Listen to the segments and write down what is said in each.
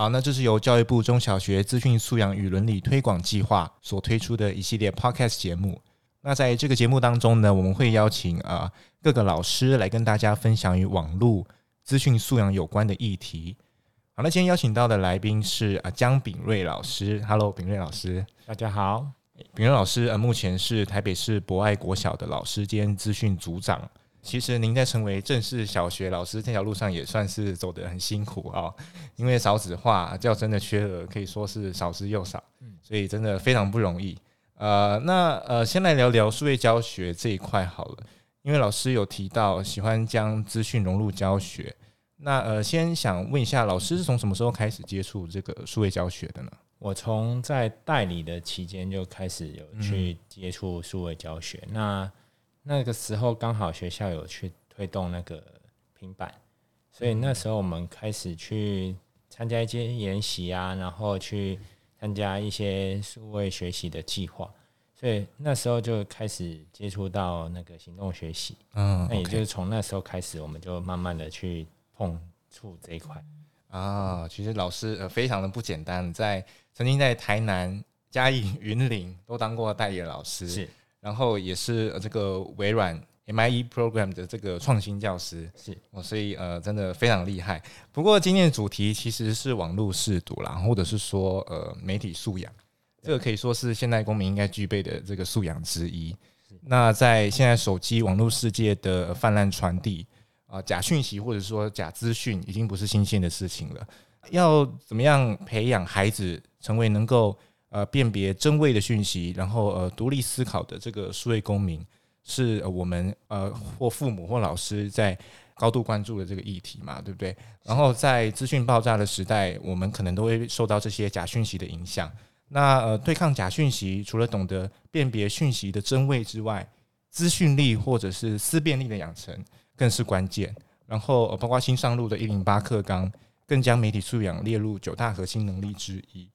好，那這是由教育部中小學資訊素養與倫理推廣計劃所推出的一系列 Podcast 節目。那在這個節目當中呢，我們會邀請啊、呃、各個老師來跟大家分享與網絡資訊素養有關的議題。好，那今天邀請到的來賓是啊江、呃、秉叡老師。Hello，秉叡老師，大家好。秉叡老師啊、呃，目前是台北市博愛國小的老師兼資訊組、組長。其實您在成為正式小學老師這條路上也算是走得很辛苦啊、哦，因為少子化、教真的缺額，可以說是少之又少，所以真的非常不容易。呃，那呃，先來聊聊數位教學這一塊好了，因為老師有提到喜歡將資訊融入教學。那呃，先想問一下，老師是從什麼時候開始接觸這個數位教學的呢？我從在代理的期間就開始有去接觸數位教學。嗯、那那個時候剛好學校有去推動那個平板，所以那時候我們開始去參加一些研習啊，然後去參加一些數位學習的計劃，所以那時候就開始接觸到那個行動學習。嗯，那也就是從那時候開始，我們就慢慢的去碰觸這一塊。啊、嗯哦，其實老師，呃，非常的不簡單，在曾經在台南、嘉義、雲林都當過代理老師。是。然後也是這個微軟 M I E Program 的這個創新教師，是我，所以呃，真的非常厲害。不過今天的主題其實是網絡識讀啦，或者是說呃媒體素養，這個可以說是現代公民應該具備的這個素養之一。是那在現在手機網絡世界的泛濫傳遞啊、呃，假訊息或者說假資訊已經不是新鮮的事情了。要怎麼樣培養孩子成為能夠呃，辨別真偽的訊息，然後呃，獨立思考的這個數位公民，是我們呃，或父母或老師在高度關注的這個議題嘛，對不對？然後在資訊爆炸的時代，我們可能都會受到這些假訊息的影響。那呃，對抗假訊息，除了懂得辨別訊息的真偽之外，資訊力或者是思辨力的養成更是關鍵。然後，包括新上路的《一零八課綱》，更將媒體素養列入九大核心能力之一。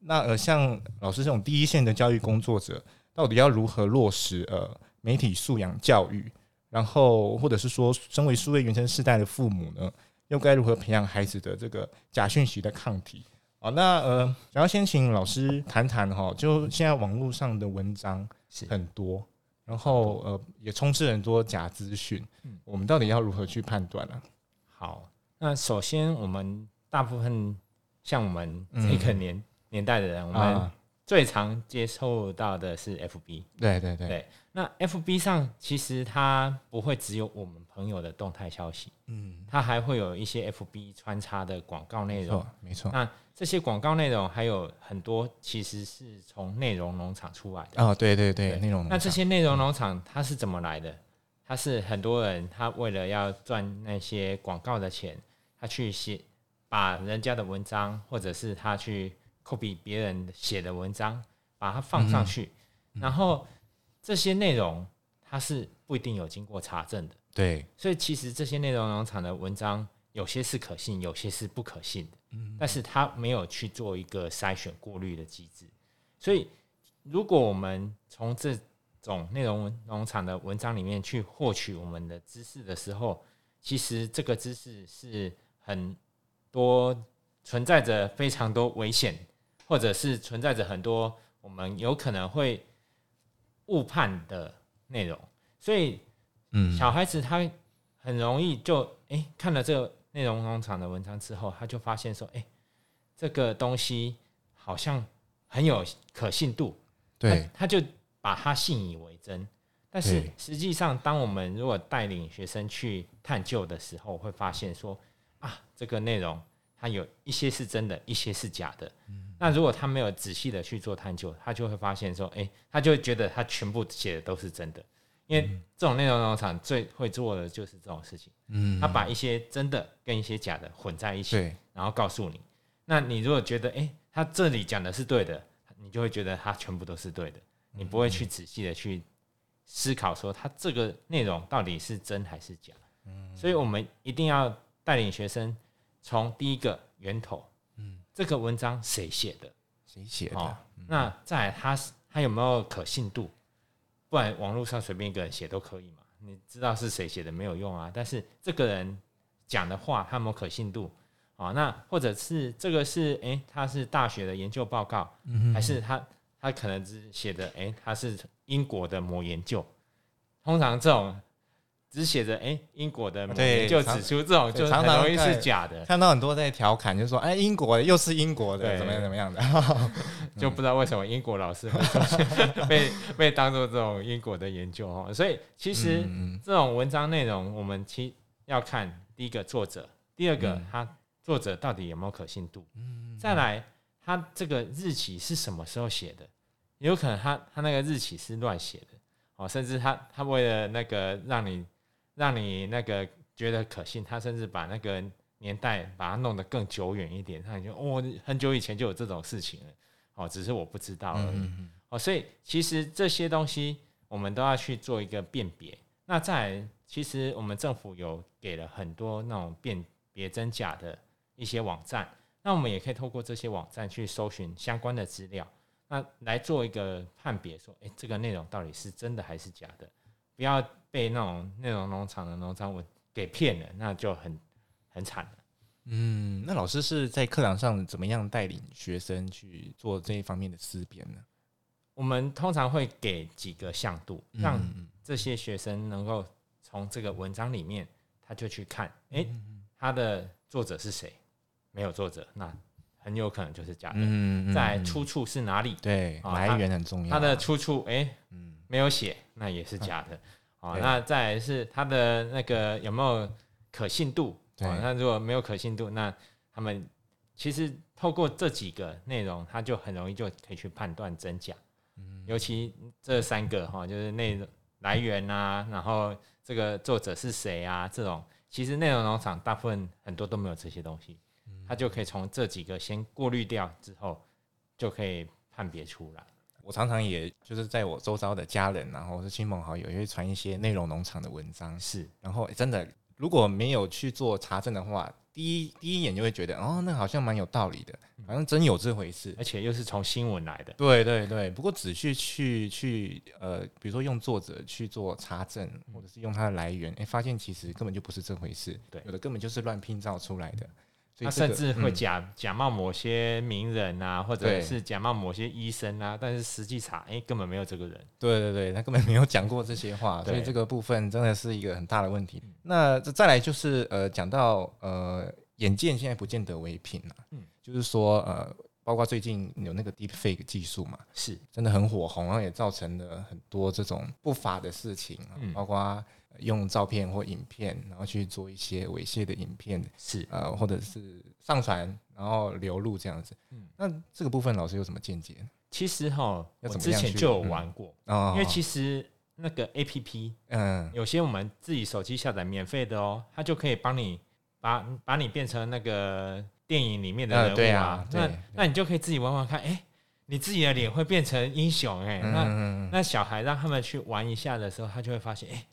那呃，像老師這種第一線的教育工作者，到底要如何落實呃媒體素養教育？然後，或者是說，身為數位原生世代的父母呢，又該如何培養孩子的這個假訊息的抗體？好那呃，想要先請老師談談哈，就現在網路上的文章很多，是然後呃，也充斥很多假資訊，是我們到底要如何去判斷呢、啊嗯？好，那首先，我們大部分像我們每個年、嗯。年代的人，啊、我們最常接觸到的是 FB。對對對，對那 FB 上其實它不會只有我們朋友的動態消息，嗯，它還會有一些 FB 穿插的廣告內容。沒錯，沒錯。那這些廣告內容還有很多，其實是從內容農場出來的。哦、啊。對對對，內對容農場。那這些內容農場、嗯、它是怎麼來的？它是很多人他為了要賺那些廣告的錢，他去寫，把人家的文章或者是他去。copy 別人寫的文章，把它放上去，嗯嗯、然後這些內容它是不一定有經過查證的，對，所以其實這些內容農場的文章有些是可信，有些是不可信的，嗯，但是它沒有去做一個篩選過濾的機制，所以如果我們從這種內容農場的文章裡面去獲取我們的知識的時候，其實這個知識是很多存在着非常多危險。或者是存在着很多我們有可能會誤判的內容，所以，嗯，小孩子他很容易就、嗯、誒看了這個內容農場的文章之後，他就發現說，誒，這個東西好像很有可信度，對，他，他就把它信以為真。但是實際上，當我們如果帶領學生去探究的時候，會發現說啊，這個內容。他有一些是真的，一些是假的。嗯、那如果他沒有仔細的去做探究，他就會發現說：“誒、欸，他就會覺得他全部寫的都是真的。”因為這種內容農場最會做的就是這種事情。嗯、他把一些真的跟一些假的混在一起，嗯、然後告訴你。對那你如果覺得“誒、欸，他這裡講的是對的”，你就會覺得他全部都是對的，嗯嗯，你不會去仔細的去思考說他這個內容到底是真還是假。嗯嗯，所以我們一定要帶領學生。從第一個源頭，嗯，這個文章誰寫的？誰寫的？哦、那在他，他有沒有可信度？不然網絡上隨便一個人寫都可以嘛？你知道是誰寫的沒有用啊。但是這個人講的話，他有沒有可信度啊、哦？那或者是這個是誒，他、欸、是大學的研究報告，還是他他可能只寫的誒，他、欸、是英國的某研究？通常這種。只寫着“誒，英國的”，名字就指出這種，就常常容易是假的，常常看。看到很多在調侃，就說“誒，英國又是英國的，怎麼對怎麼樣的”，樣就不知道為什麼英國老是 被被當做這種英國的研究哦。所以其實這種文章內容，我們其要看第一個作者，第二個他作者到底有沒有可信度，再來他這個日期是什麼時候寫的？有可能他他那個日期是亂寫的哦，甚至他他為了那個讓你。讓你那個覺得可信，他甚至把那個年代把它弄得更久遠一點，他就哦，很久以前就有這種事情了，哦，只是我不知道而已。哦、嗯嗯嗯，所以其實這些東西我們都要去做一個辨別。那再來，其實我們政府有給了很多那種辨別真假的一些網站，那我們也可以透過這些網站去搜尋相關的資料，那來做一個判別，說，誒，這個內容到底是真的還是假的？不要被那種內容農場的農場文給騙了，那就很很慘了。嗯，那老師是在課堂上怎麼樣帶領學生去做這一方面的思辨呢？我們通常會給幾個向度，讓這些學生能夠從這個文章裡面，他就去看，哎、欸，他的作者是誰？沒有作者，那很有可能就是假的。在、嗯嗯嗯、出處是哪裡？對，哦、來源很重要。它的出處，哎、欸，嗯沒有寫，那也是假的，啊、哦，了那再來是他的那個有沒有可信度？對，那、哦、如果沒有可信度，那他們其實透過這幾個內容，他就很容易就可以去判斷真假。嗯，尤其這三個哈、哦，就是內容、嗯、來源啊，然後這個作者是誰啊，這種其實內容農場大部分很多都沒有這些東西，嗯、他就可以從這幾個先過濾掉之後，就可以判別出來。我常常也就是在我周遭的家人，然後是親朋好友，也會傳一些內容農場的文章。是，然後真的如果沒有去做查證的話，第一第一眼就會覺得，哦，那好像蠻有道理的，好像真有這回事，而且又是從新聞來的。對對對。不過仔細去去呃，比如說用作者去做查證，或者是用它的來源，哎，發現其實根本就不是這回事。對，有的根本就是亂拼造出來的。他甚至會假假冒某些名人啊，嗯、或者是假冒某些醫生啊，對但是實際查，哎、欸，根本沒有這個人。對對對，他根本沒有講過這些話。 對所以這個部分真的是一個很大的問題。那這再來就是呃，講到呃，眼見現在不見得為憑了，啊。嗯，就是說呃，包括最近有那個 Deepfake 技術嘛，是真的很火紅，然後也造成了很多這種不法的事情，嗯、包括。用照片或影片，然後去做一些猥褻的影片，是呃，或者是上傳然後流露這樣子。嗯、那這個部分老師有什麼見解？其實哈，我之前就有玩過。嗯、哦，因為其實那個 A P P，嗯，有些我們自己手機下載免費的哦、喔，它就可以幫你把把你變成那個電影裡面的人物啊。啊，對啊，那，對對對，那你就可以自己玩玩看，哎、欸，你自己的臉會變成英雄哎、欸。嗯、那那小孩讓他們去玩一下的時候，他就會發現，哎、欸。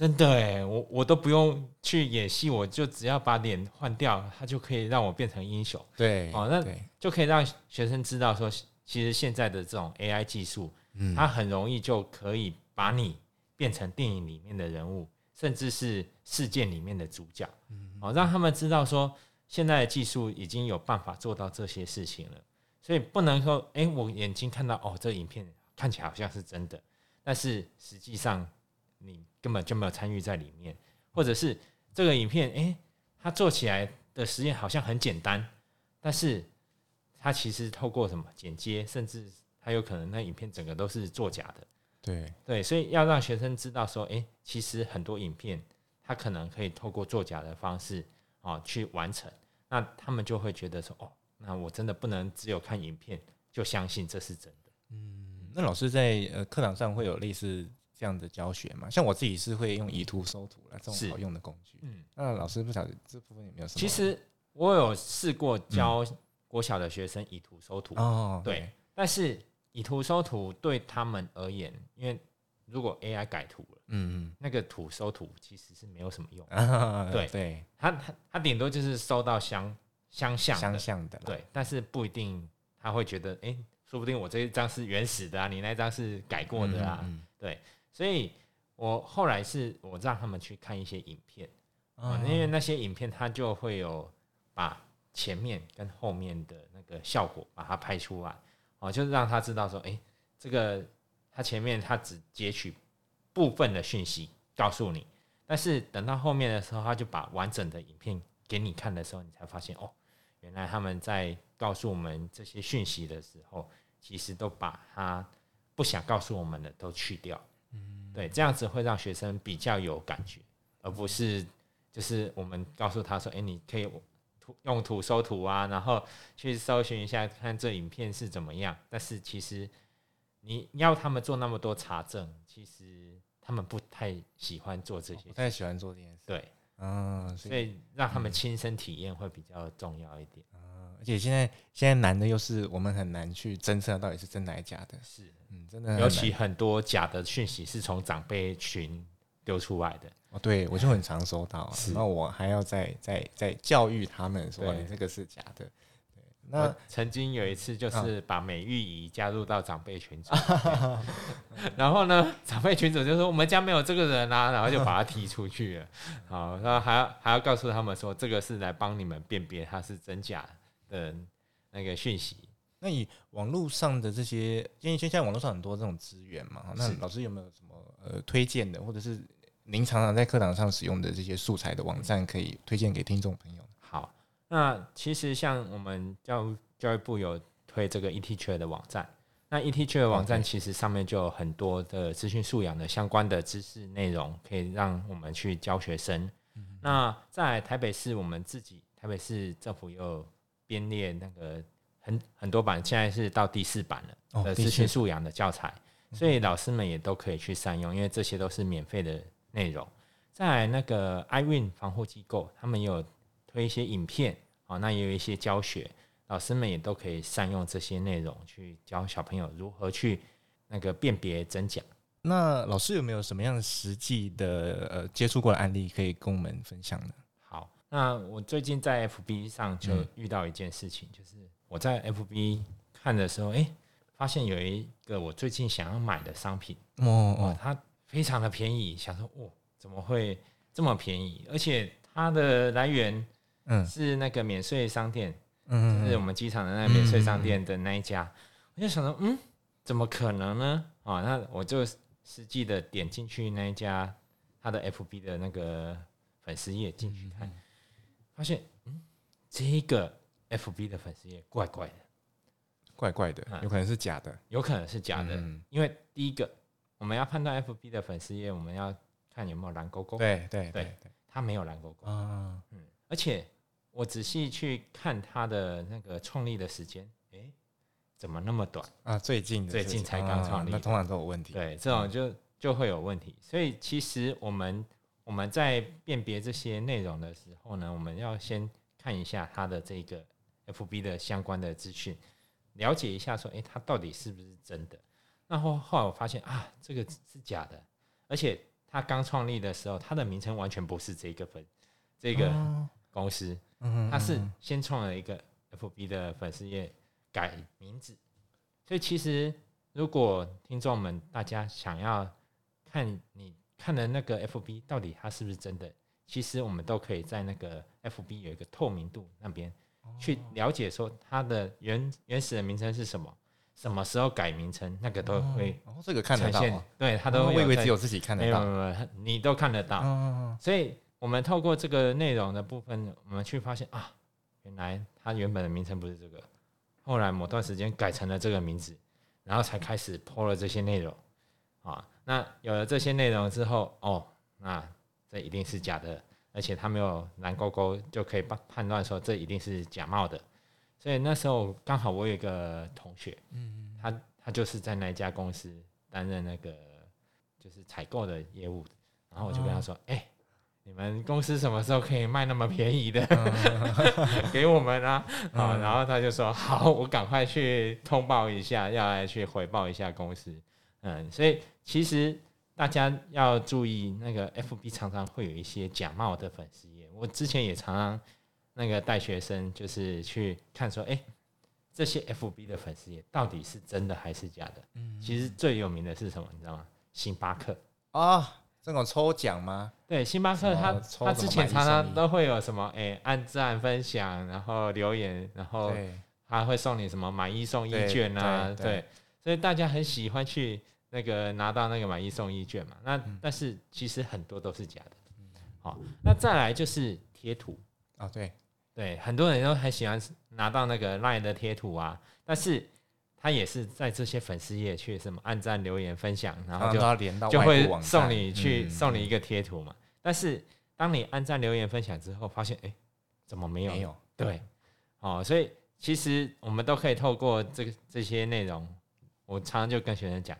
真的哎，我我都不用去演戲，我就只要把臉換掉，它就可以讓我變成英雄。對，哦，那就可以讓學生知道說，其實現在的這種 AI 技術，嗯，它很容易就可以把你變成電影裡面的人物，甚至是事件裡面的主角。嗯，哦，讓他們知道說，現在的技術已經有辦法做到這些事情了。所以不能說，哎，欸，我眼睛看到哦，這個影片看起來好像是真的，但是實際上你。根本就沒有參與在裡面，或者是這個影片，誒、欸，它做起來的實驗好像很簡單，但是它其實透過什麼剪接，甚至還有可能那影片整個都是作假的。對對，所以要讓學生知道說，誒、欸，其實很多影片，他可能可以透過作假的方式啊去完成，那他們就會覺得說，哦，那我真的不能只有看影片就相信這是真的。嗯，那老師在呃課堂上會有類似這樣子教學嘛，像我自己是會用以圖、收圖來這種好用的工具。嗯，那老師不曉得這部分有沒有什麼？其實我有試過教國小的學生以圖、收圖哦。對，但是以圖、收圖對他們而言，因為如果 AI 改圖了，嗯嗯，那個圖收圖其實是沒有什麼用。對對，他他他頂多就是收到相相像相像的，對，但是不一定他會覺得，哎，說不定我這一張是原始的啊，你那張是改過的啊，對。所以，我後來是我讓他們去看一些影片，因為那些影片他就會有把前面跟後面的那個效果把它拍出來，哦，就是讓他知道說，哎，這個他前面他只截取部分的訊息告訴你，但是等到後面的時候，他就把完整的影片給你看的時候，你才發現哦，原來他們在告訴我們這些訊息的時候，其實都把他不想告訴我們的都去掉。嗯，對，這樣子會讓學生比較有感覺，而不是就是我們告訴他說，哎、欸，你可以用圖搜圖啊，然後去搜尋一下看這影片是怎麼樣。但是其實你要他們做那麼多查證，其實他們不太喜歡做這些事、哦，不太喜歡做這件事。對，嗯，所以，嗯，所以讓他們親身體驗會比較重要一點。而且現在現在難的又是我們很難去偵測到底是真的還是假的。是的，嗯，真的。尤其很多假的訊息是從長輩群丟出來的。哦，對，我就很常收到、啊。是，那我還要再再再教育他們說，對你這個是假的。對。那曾經有一次，就是把美玉姨加入到長輩群組， 然後呢，長輩群主就說我們家沒有這個人啦、啊，然後就把他踢出去了。 好，然後還要還要告訴他們說，這個是來幫你們辨別他是真假的。的嗯，那個訊息，那以網絡上的這些，因為現在網絡上很多這種資源嘛，是那老師有沒有什麼呃推薦的，或者是您常常在課堂上使用的這些素材的網站，可以推薦給聽眾朋友，嗯。好，那其實像我們教教育部有推這個 eTeacher 的網站，那 eTeacher 網站其實上面就有很多的資訊素養的相關的知識內容，可以讓我們去教學生。嗯、哼那在台北市，我們自己台北市政府又編列那個很很多版，現在是到第四版了。呃，資訊素養的教材，哦、所以老師們也都可以去善用，因為這些都是免費的內容。在那個 iWIN 防護機構，他們有推一些影片，啊、哦，那也有一些教學，老師們也都可以善用這些內容去教小朋友如何去那個辨別真假。那老師有沒有什麼樣實的實際的呃接觸過的案例可以跟我們分享呢？那我最近在 F B 上就遇到一件事情，嗯、就是我在 F B 看的時候，哎、欸，發現有一個我最近想要買的商品，哦，哦，哦它非常的便宜，想說，哇，怎麼會這麼便宜？而且它的來源，是那個免稅商店，嗯就是我們機場的那免稅商店的那一家，嗯嗯嗯我就想說，嗯，怎麼可能呢？啊，那我就實際的點進去那一家，他的 F B 的那個粉絲頁進去看。嗯嗯發現，嗯，這個 FB 的粉絲頁怪怪的，怪怪的，有可能是假的，有可能是假的。嗯，因為第一個，我們要判斷 FB 的粉絲頁，我們要看有沒有藍勾勾。對對對，對，對，他沒有藍勾勾。哦，嗯，而且我仔細去看他的那個創立的時間，誒，怎麼那麼短？啊，最近最近才剛創立，啊啊啊，那通常都有問題。對，這種就就會有問題。嗯，所以其實我們。我們在辨別這些內容的時候呢，我們要先看一下它的這個 FB 的相關的資訊，了解一下說，哎，它到底是不是真的？然後後來我發現啊，這個是假的，而且它剛創立的時候，它的名稱完全不是這個粉這個公司，它是先創了一個 FB 的粉絲頁，改名字，所以其實如果聽眾們大家想要看你，看了那個 FB 到底它是不是真的？其實我們都可以在那個 FB 有一個透明度那邊去了解，說它的原原始的名稱是什麼，什麼時候改名稱，那個都會、嗯。哦，這個看得到嗎。對他都、哦，我以為只有自己看得到。欸、沒有沒有，你都看得到。所以，我們透過這個內容的部分，我們去發現啊，原來它原本的名稱不是這個，後來某段時間改成了這個名字，然後才開始 PO 了這些內容啊。那有了這些內容之後，哦，那、啊、這一定是假的，而且他沒有藍勾勾，就可以判斷說這一定是假冒的。所以那時候剛好我有一個同學，嗯，他他就是在那家公司擔任那個就是採購的業務，然後我就跟他說，哎、哦欸，你們公司什麼時候可以賣那麼便宜的、嗯、 給我們啊？啊、哦，嗯、然後他就說，好，我趕快去通報一下，要來去回報一下公司，嗯，所以。其實大家要注意，那個 F B 常常會有一些假冒的粉絲頁，我之前也常常那個帶學生，就是去看說，哎、欸，這些 F B 的粉絲頁到底是真的還是假的？嗯、其實最有名的是什麼，你知道嗎？星巴克啊、哦，這種抽獎嗎？對，星巴克他它之前常常都會有什麼，哎、欸，按讚分享，然後留言，然後他會送你什麼買一送一券啊？對，對，對，對，所以大家很喜歡去。那個拿到那個買一送一券嘛，那但是其實很多都是假的，嗯、好，那再來就是貼圖啊、哦，對對，很多人都很喜歡拿到那個 LINE 的貼圖啊，但是他也是在這些粉絲頁去什麼按讚、留言、分享，然後就常常要連到外就會送你去送你一個貼圖嘛，嗯、但是當你按讚、留言、分享之後，發現哎、欸，怎麼沒有？沒有對，哦，所以其實我們都可以透過這個這些內容，我常常就跟學生講。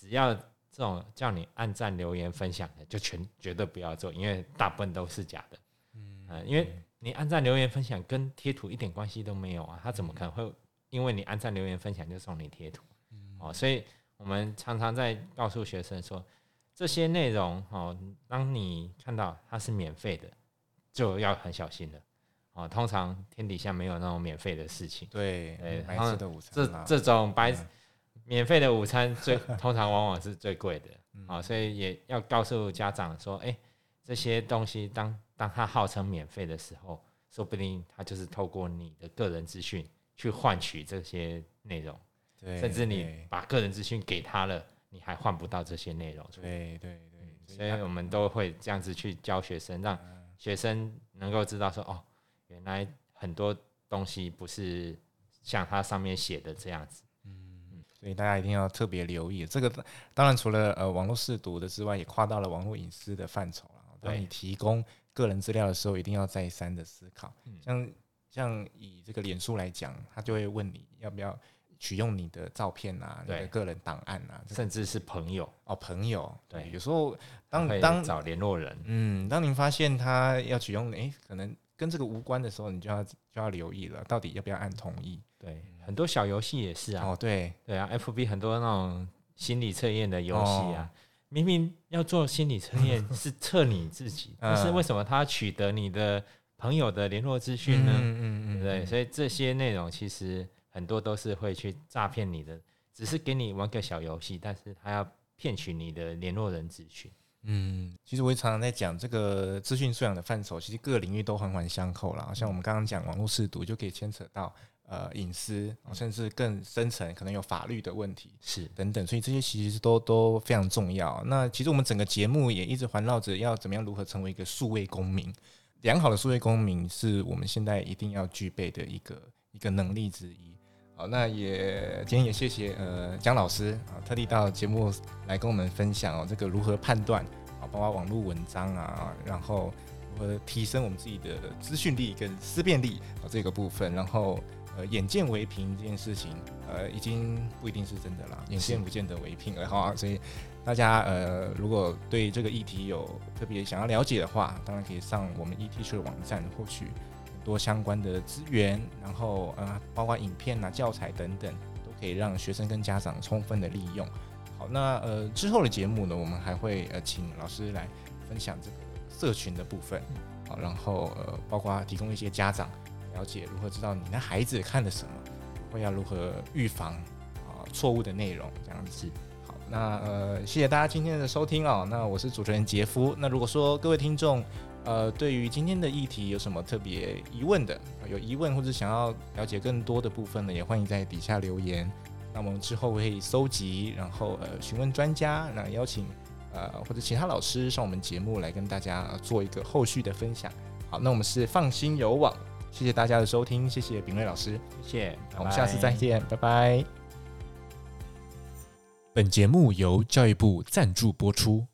只要這種叫你按讚、留言、分享的，就全絕對不要做，因為大部分都是假的。嗯，因為你按讚、留言、分享跟貼圖一點關係都沒有啊，嗯、他怎麼可能會因為你按讚、留言、分享就送你貼圖？嗯、哦，所以我們常常在告訴學生說，這些內容哦，當你看到它是免費的，就要很小心了。哦，通常天底下沒有那種免費的事情。對，誒對、嗯、這的這種白。免費的午餐最通常往往是最貴的啊、 哦，所以也要告訴家長說，誒、欸，這些東西當當他號稱免費的時候，說不定他就是透過你的個人資訊去換取這些內容，對甚至你把個人資訊給他了，你還換不到這些內容出來對。對，對對，所以我們都會這樣子去教學生，讓學生能夠知道說，哦，原來很多東西不是像它上面寫的這樣子。所以大家一定要特別留意這個，當然除了呃網絡識讀的之外，也跨到了網絡隱私的範疇了。當你提供個人資料的時候，一定要再三的思考。嗯，像像以這個臉書來講，他就會問你要不要取用你的照片啊，對你的個人檔案啊，這個、甚至是朋友哦，朋友。對，有時候當當找聯絡人，嗯，當您發現他要取用，誒、欸，可能。跟這個無關的時候，你就要就要留意了，到底要不要按同意？對，很多小遊戲也是啊。哦，對對啊，FB 很多那種心理測驗的遊戲啊，哦、明明要做心理測驗是測你自己，嗯、但是為什麼他取得你的朋友的聯絡資訊呢？嗯，嗯嗯嗯，對，對，所以這些內容其實很多都是會去詐騙你的，只是給你玩個小遊戲，但是他要騙取你的聯絡人資訊。嗯，其實我也常常在講這個資訊素養的範疇，其實各個領域都環環相扣啦。像我們剛剛講網路識讀，就可以牽扯到呃隱私，甚至更深層可能有法律的問題，是等等。是所以這些其實都都非常重要。那其實我們整個節目也一直環繞着要怎麼樣如何成為一個數位公民，良好的數位公民是我們現在一定要具備的一個一個能力之一。好，那也今天也謝謝呃江老師啊，特地到節目來跟我們分享哦，這個如何判斷啊，包括網絡文章啊，然後如何提升我們自己的資訊力跟思辨力啊這個部分，然後呃眼見為憑這件事情呃已經不一定是真的啦，眼見不見得為憑，然後所以大家呃如果對這個議題有特別想要了解的話，當然可以上我們 eTeacher 的網站獲取多相關的資源，然後啊、呃，包括影片、啊、教材等等，都可以讓學生跟家長充分的利用。好，那呃之後的節目呢，我們還會呃請老師來分享這個社群的部分，好，然後呃包括提供一些家長了解如何知道你的孩子看了什麼，或要如何預防啊錯誤的內容這樣子。好，那呃謝謝大家今天的收聽啊、哦，那我是主持人傑夫，那如果說各位聽眾。呃，對於今天的議題有什麼特別疑問的，呃、有疑問或者想要了解更多的部分呢，也歡迎在底下留言。那我們之後會蒐集，然後呃詢問專家，然後邀請呃或者其他老師上我們節目來跟大家、呃、做一個後續的分享。好，那我們是放心有網，謝謝大家的收聽，謝謝秉叡老師，謝謝，拜拜，我們下次再見，拜拜。本節目由教育部贊助播出。